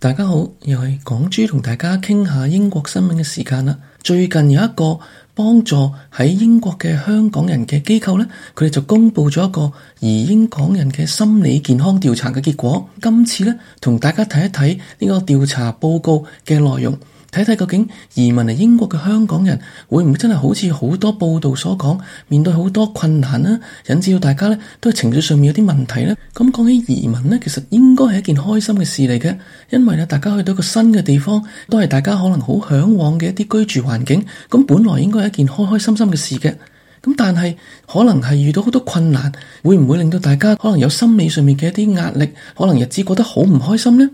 大家好，又係港豬同大家傾下英國新聞嘅時間啦。最近有一個幫助喺英國嘅香港人嘅機構咧，佢哋就公布咗一個移英港人嘅心理健康調查嘅結果。今次咧，同大家睇一睇呢個調查報告嘅內容。睇睇究竟移民嚟英國嘅香港人會唔會真係好似好多報道所講，面對好多困難呢，引致到大家咧都係情緒上面有啲問題咧。咁、嗯、講起移民咧，其實應該係一件開心嘅事嚟嘅，因為咧大家去到個新嘅地方，都係大家可能好向往嘅一啲居住環境。咁、嗯、本來應該係一件開開心心嘅事嘅，咁、嗯、但係可能係遇到好多困難，會唔會令到大家可能有心理上面嘅一啲壓力，可能日子過得好唔開心咧？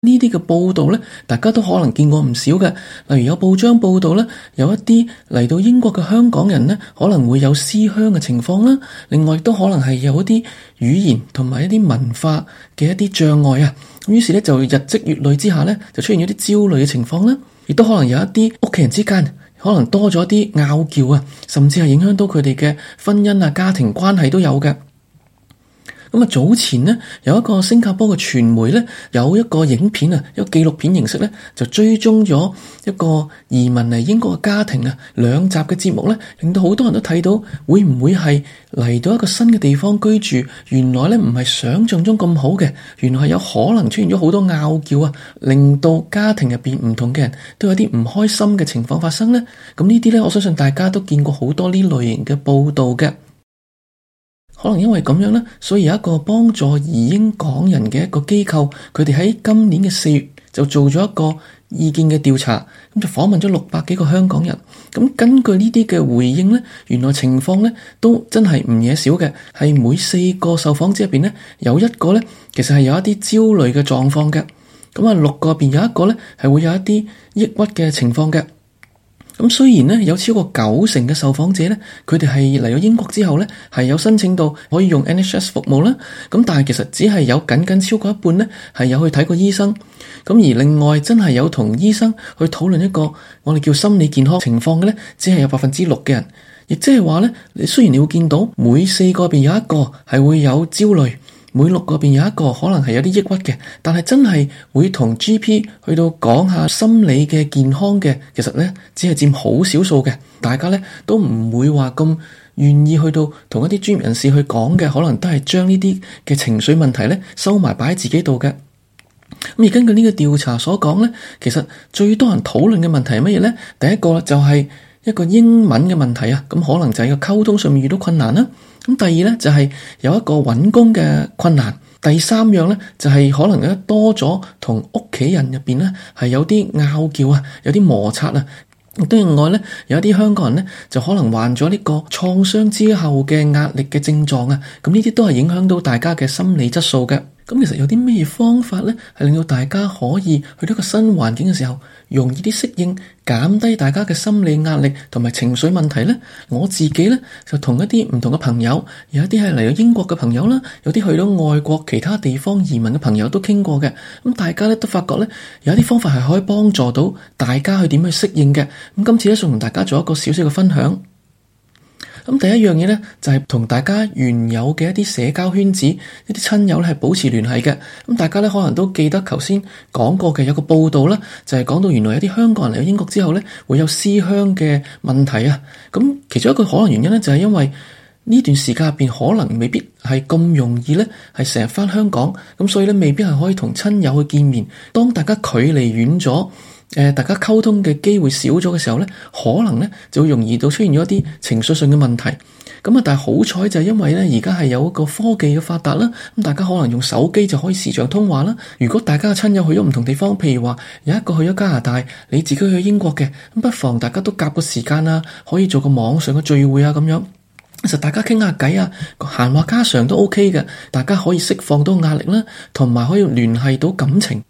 呢啲嘅報道咧，大家都可能見過唔少嘅。例如有報章報道咧，有一啲嚟到英國嘅香港人咧，可能會有思鄉嘅情況啦。另外亦都可能係有一啲語言同埋一啲文化嘅一啲障礙啊。咁於是咧，就日積月累之下咧，就出現一啲焦慮嘅情況啦。亦都可能有一啲屋企人之間，可能多咗啲拗撬啊，甚至係影響到佢哋嘅婚姻啊、家庭關係都有嘅。咁啊，早前呢，有一個新加坡嘅傳媒呢，有一個影片啊，有紀錄片形式呢，就追蹤咗一個移民嚟英國嘅家庭啊，兩集嘅節目呢，令到好多人都睇到，會唔會係嚟到一個新嘅地方居住，原來呢，唔係想象中咁好嘅，原來係有可能出現咗好多拗撬啊，令到家庭入邊唔同嘅人都有啲唔開心嘅情況發生呢。咁呢啲呢，我相信大家都見過好多呢類型嘅報導嘅。可能因為咁樣呢，所以有一個幫助移英港人嘅一個機構，佢哋喺今年嘅四月就做咗一個意見嘅調查，咁就訪問咗六百幾個香港人。咁根據呢啲嘅回應呢，原來情況呢都真係唔嘢少嘅，係每四個受訪者入面呢有一個呢其實係有一啲焦慮嘅狀況嘅。咁啊，六個入面有一個呢係會有一啲抑鬱嘅情況嘅。咁雖然咧有超過九成嘅受訪者咧，佢哋係嚟咗英國之後咧，係有申請到可以用 NHS 服務啦。咁但係其實只係有僅僅超過一半咧，係有去睇過醫生。咁而另外真係有同醫生去討論一個我哋叫心理健康情況嘅咧，只係有百分之六嘅人。亦即係話咧，你雖然你會見到每四個入邊有一個係會有焦慮。每六個入面有一個可能係有啲抑鬱嘅，但係真係會同 GP 去到講下心理嘅健康嘅，其實咧只係佔好少數嘅，大家咧都唔會話咁願意去到同一啲專業人士去講嘅，可能都係將呢啲嘅情緒問題咧收埋擺喺自己度嘅。咁而根據呢個調查所講咧，其實最多人討論嘅問題係乜嘢咧？第一個就係一個英文嘅問題啊，咁可能就係個溝通上面遇到困難啦。咁第二呢，就係有一個揾工嘅困難，第三樣呢，就係可能多咗同屋企人入邊呢係有啲拗撬啊，有啲摩擦啊。亦都另外呢，有一啲香港人呢，就可能患咗呢個創傷之後嘅壓力嘅症狀啊。咁呢啲都係影響到大家嘅心理質素嘅。咁其實有啲咩方法咧，係令到大家可以去到一個新環境嘅時候，容易啲適應，減低大家嘅心理壓力同埋情緒問題咧。我自己咧就同一啲唔同嘅朋友，有一啲係嚟咗英國嘅朋友啦，有啲去到外國其他地方移民嘅朋友都傾過嘅。咁大家咧都發覺咧，有一啲方法係可以幫助到大家去點去適應嘅。咁今次咧，想同大家做一個小小嘅分享。咁第一樣嘢呢，就係同大家原有嘅一啲社交圈子、一啲親友咧，係保持聯繫嘅。咁大家咧，可能都記得頭先講過嘅，有個報道啦，就係講到原來有啲香港人嚟咗英國之後咧，會有思鄉嘅問題啊。咁其中一個可能原因咧，就係因為呢段時間入邊，可能未必係咁容易咧，係成日翻香港，咁所以咧，未必係可以同親友去見面。當大家距離遠咗。誒，大家溝通嘅機會少咗嘅時候呢，可能呢就會容易到出現咗一啲情緒上嘅問題。咁啊，但係好彩就係因為呢，而家係有一個科技嘅發達啦，咁大家可能用手機就可以視像通話啦。如果大家嘅親友去咗唔同地方，譬如話有一個去咗加拿大，你自己去英國嘅，咁不妨大家都夾個時間啊，可以做個網上嘅聚會啊，咁樣其實大家傾下偈啊，閒話家常都 OK 嘅，大家可以釋放到壓力啦，同埋可以聯繫到感情。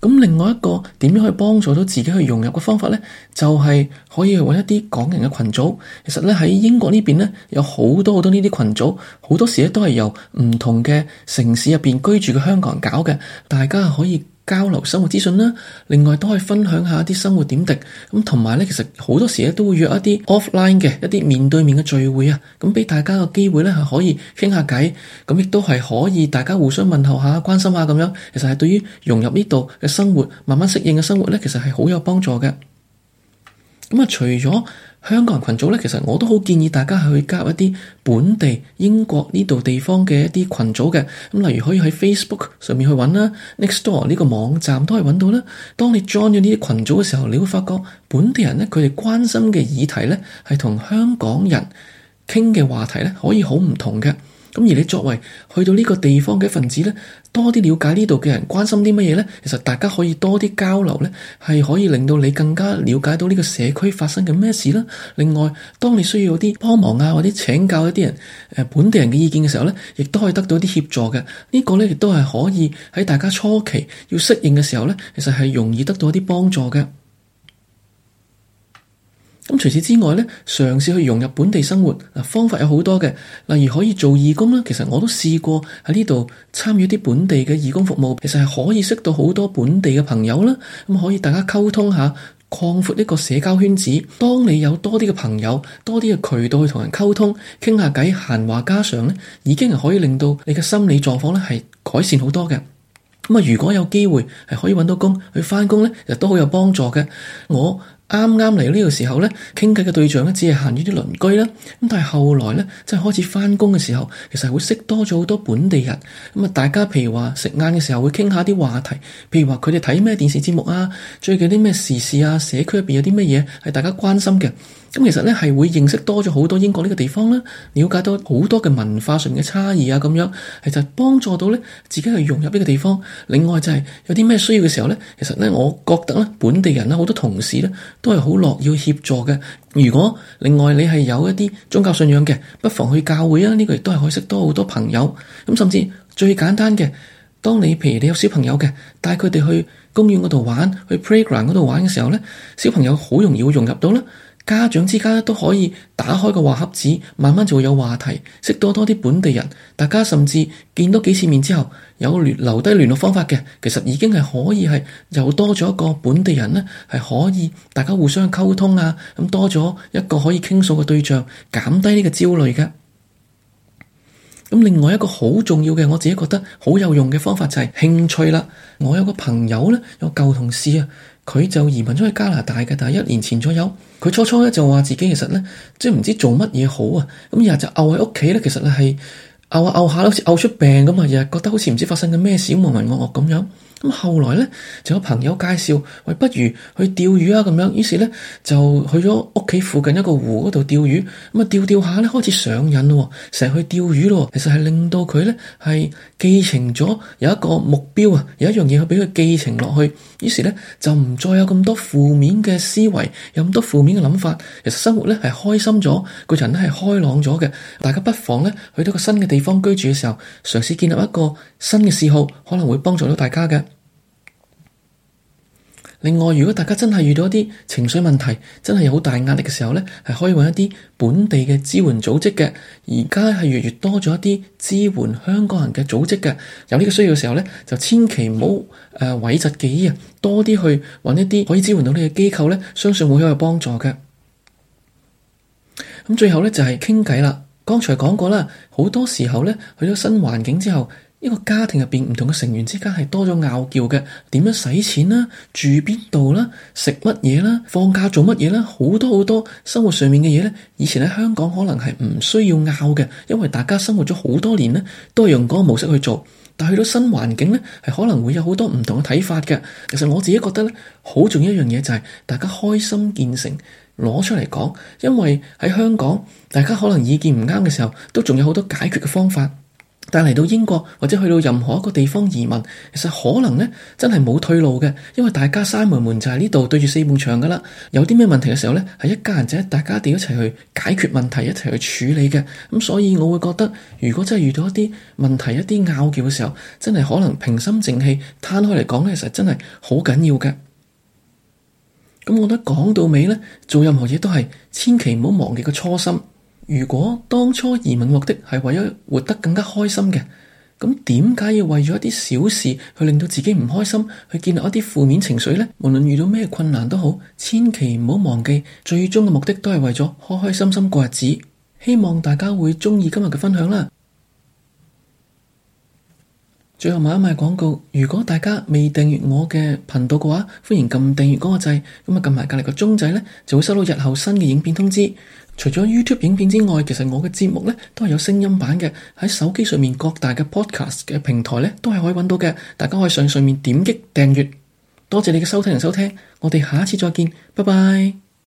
咁另外一個點樣去幫助到自己去融入嘅方法呢？就係可以揾一啲港人嘅群組。其實呢，喺英國呢邊呢，有好多好多呢啲群組，好多時呢都係由唔同嘅城市入邊居住嘅香港人搞嘅，大家可以交流生活資訊啦，另外都可以分享下一啲生活點滴，咁同埋咧，其實好多時咧都會約一啲 offline 嘅一啲面對面嘅聚會啊，咁俾大家個機會咧係可以傾下偈，咁亦都係可以大家互相問候下、關心下咁樣。其實係對於融入呢度嘅生活、慢慢適應嘅生活咧，其實係好有幫助嘅。咁啊，除咗香港人群組咧，其實我都好建議大家去加入一啲本地英國呢度地方嘅一啲群組嘅咁，例如可以喺 Facebook 上面去揾啦，Nextdoor 呢個網站都可以揾到啦。當你 join 咗呢啲群組嘅時候，你會發覺本地人咧，佢哋關心嘅議題咧，係同香港人傾嘅話題咧，可以好唔同嘅。咁而你作為去到呢個地方嘅一份子呢，多啲了解呢度嘅人，關心啲乜嘢呢？其實大家可以多啲交流呢，係可以令到你更加了解到呢個社區發生緊咩事啦。另外，當你需要啲幫忙啊，或者請教一啲人，誒本地人嘅意見嘅時候呢，亦都可以得到啲協助嘅。呢、呢個呢，亦都係可以喺大家初期要適應嘅時候呢，其實係容易得到一啲幫助嘅。咁除此之外咧，嘗試去融入本地生活，嗱方法有好多嘅，例如可以做義工啦。其實我都試過喺呢度參與啲本地嘅義工服務，其實係可以識到好多本地嘅朋友啦。咁可以大家溝通下，擴闊呢個社交圈子。當你有多啲嘅朋友，多啲嘅渠道去同人溝通、傾下偈、閒話家常咧，已經係可以令到你嘅心理狀況咧係改善好多嘅。咁啊，如果有機會係可以搵到工去返工咧，亦都好有幫助嘅。我，啱啱嚟呢個時候呢，傾偈嘅對象呢只係限於啲鄰居啦。咁但係後來呢，即係開始翻工嘅時候，其實係會識多咗好多本地人。咁啊，大家譬如話食晏嘅時候會傾下啲話題，譬如話佢哋睇咩電視節目啊，最近啲咩時事啊，社區入邊有啲乜嘢係大家關心嘅。咁其實呢，係會認識多咗好多英國呢個地方啦，了解到好多嘅文化上面嘅差異啊咁樣，係就幫助到呢，自己去融入呢個地方。另外就係有啲咩需要嘅時候呢，其實呢，我覺得呢本地人啦好多同事呢。都係好樂意協助嘅。如果另外你係有一啲宗教信仰嘅，不妨去教會啊！呢個亦都係可以識多好多朋友。咁甚至最簡單嘅，當你譬如你有小朋友嘅，帶佢哋去公園嗰度玩，去 playground 嗰度玩嘅時候咧，小朋友好容易會融入到啦。家長之間都可以打開個話匣子，慢慢就會有話題，識多多啲本地人，大家甚至見多幾次面之後，有聯留低聯絡方法嘅，其實已經係可以係又多咗一個本地人咧，係可以大家互相溝通啊，咁多咗一個可以傾訴嘅對象，減低呢個焦慮嘅。咁另外一個好重要嘅，我自己覺得好有用嘅方法就係興趣啦。我有個朋友咧，有舊同事啊，佢就移民咗去加拿大嘅，但係一年前左右，佢初初咧就話自己其實咧即係唔知做乜嘢好啊，咁日日就漚喺屋企咧，其實咧係。拗下拗下好似拗出病咁啊！日日覺得好似唔知發生緊咩事，渾渾噩噩咁樣。咁後來呢，就有朋友介紹喂，不如去釣魚啊咁樣。於是呢，就去咗屋企附近一個湖嗰度釣魚。咁啊釣釣下呢，開始上癮咯，成日去釣魚咯。其實係令到佢呢，係寄情咗有一個目標啊，有一樣嘢去畀佢寄情落去。於是呢，就唔再有咁多負面嘅思維，有咁多負面嘅諗法。其實生活呢，係開心咗，個人呢係開朗咗嘅。大家不妨呢，去到個新嘅地地方居住嘅時候，嘗試建立一個新嘅嗜好，可能會幫助到大家嘅。另外，如果大家真係遇到一啲情緒問題，真係有好大壓力嘅時候呢，係可以揾一啲本地嘅支援組織嘅。而家係越來越多咗一啲支援香港人嘅組織嘅，有呢個需要嘅時候呢，就千祈唔好誒委屈自己啊，多啲去揾一啲可以支援到你嘅機構呢，相信會好有幫助嘅。咁最後呢，就係傾偈啦。剛才講過啦，好多時候呢，去咗新環境之後，一個家庭入邊唔同嘅成員之間係多咗拗撬嘅。點樣使錢啦，住邊度啦，食乜嘢啦，放假做乜嘢啦，好多好多生活上面嘅嘢呢，以前喺香港可能係唔需要拗嘅，因為大家生活咗好多年呢，都係用嗰個模式去做。但去到新環境呢，係可能會有好多唔同嘅睇法嘅。其實我自己覺得呢，好重要一樣嘢就係、是、大家開心見誠，攞出嚟講，因為喺香港，大家可能意見唔啱嘅時候，都仲有好多解決嘅方法。但嚟到英國或者去到任何一個地方移民，其實可能咧真係冇退路嘅，因為大家閂門門就喺呢度對住四面牆㗎喇。有啲咩問題嘅時候咧，係一家人就係大家哋一齊去解決問題，一齊去處理嘅。咁、嗯、所以，我會覺得如果真係遇到一啲問題、一啲拗撬嘅時候，真係可能平心靜氣攤開嚟講咧，其實真係好緊要嘅。咁我覺得講到尾呢，做任何嘢都係千祈唔好忘記個初心。如果當初移民的目的係為咗活得更加開心嘅，咁點解要為咗一啲小事去令到自己唔開心，去建立一啲負面情緒呢？無論遇到咩困難都好，千祈唔好忘記最終嘅目的都係為咗開開心心過日子。希望大家會鍾意今日嘅分享啦。最後賣一賣廣告，如果大家未訂閱我嘅頻道嘅話，歡迎撳訂閱嗰個掣，咁啊撳埋隔離個鐘仔咧，就會收到日後新嘅影片通知。除咗 YouTube 影片之外，其實我嘅節目咧都係有聲音版嘅，喺手機上面各大嘅 Podcast 嘅平台咧都係可以揾到嘅。大家可以上上面點擊訂閱。多謝你嘅收聽同收聽，我哋下一次再見，拜拜。